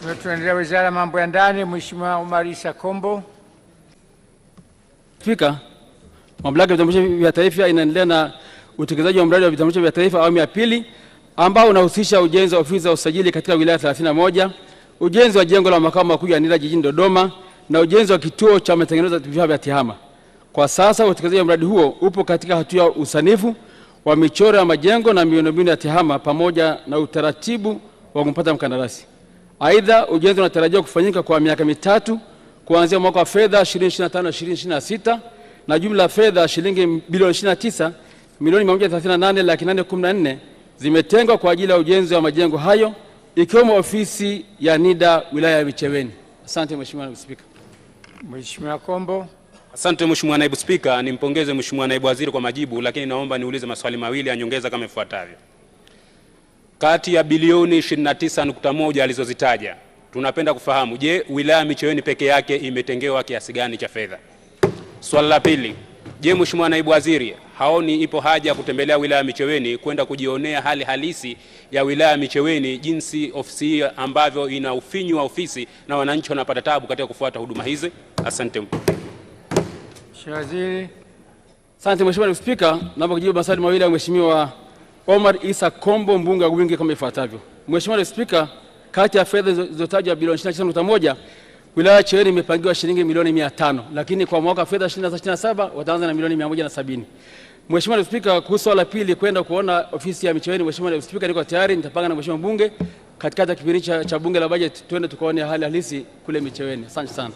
Mheshimiwa, tunaendelea Wizara ya Mambo ya Ndani, Mheshimiwa Omar Isa Kombo. Spika, Mamlaka ya Vitambulisho vya Taifa inaendelea na utekelezaji wa mradi wa vitambulisho vya taifa awamu ya pili ambao unahusisha ujenzi wa ofisi za usajili katika wilaya 31, ujenzi wa jengo la makao makuu ya NIDA jijini Dodoma na ujenzi wa kituo cha matengenezo ya vifaa vya TEHAMA. Kwa sasa utekelezaji wa mradi huo upo katika hatua ya usanifu wa michoro ya majengo na miundombinu ya TEHAMA pamoja na utaratibu wa kumpata mkandarasi. Aidha, ujenzi unatarajiwa kufanyika kwa miaka mitatu kuanzia mwaka wa fedha 2025/2026 na jumla ya fedha shilingi bilioni 29 milioni 138 laki 814 zimetengwa kwa ajili ya ujenzi wa majengo hayo ikiwemo ofisi ya NIDA wilaya ya Micheweni. Asante Mheshimiwa Naibu Spika. Mheshimiwa Kombo. Asante Mheshimiwa Naibu Spika, nimpongeze Mheshimiwa Naibu Waziri kwa majibu, lakini naomba niulize maswali mawili ya nyongeza kama ifuatavyo. Kati ya bilioni 29.1 alizozitaja, tunapenda kufahamu, je, wilaya Micheweni peke yake imetengewa kiasi gani cha fedha? Swali la pili, je, Mheshimiwa Naibu Waziri haoni ipo haja ya kutembelea wilaya Micheweni kwenda kujionea hali halisi ya wilaya Micheweni, jinsi ofisi hii ambavyo ina ufinyu wa ofisi na wananchi wanapata tabu katika kufuata huduma hizi? Asante Mheshimiwa Waziri. Asante Mheshimiwa Naibu Spika, naomba kujibu maswali mawili ya Mheshimiwa Omar Isa Kombo mbunge wa kama ifuatavyo. Mheshimiwa Naibu Spika, kati ya fedha zilizotajwa bilioni 29.1 wilaya ya Cheweni imepangiwa shilingi milioni 500, lakini kwa mwaka wa fedha 2027 wataanza na milioni 170. Mheshimiwa Naibu Spika, kuhusu swala la pili kwenda kuona ofisi ya Micheweni, Mheshimiwa Naibu Spika, niko tayari, nitapanga na Mheshimiwa mbunge katikati ya kipindi cha, bunge la bajeti, twende tukaone hali halisi kule Micheweni. Asante sana.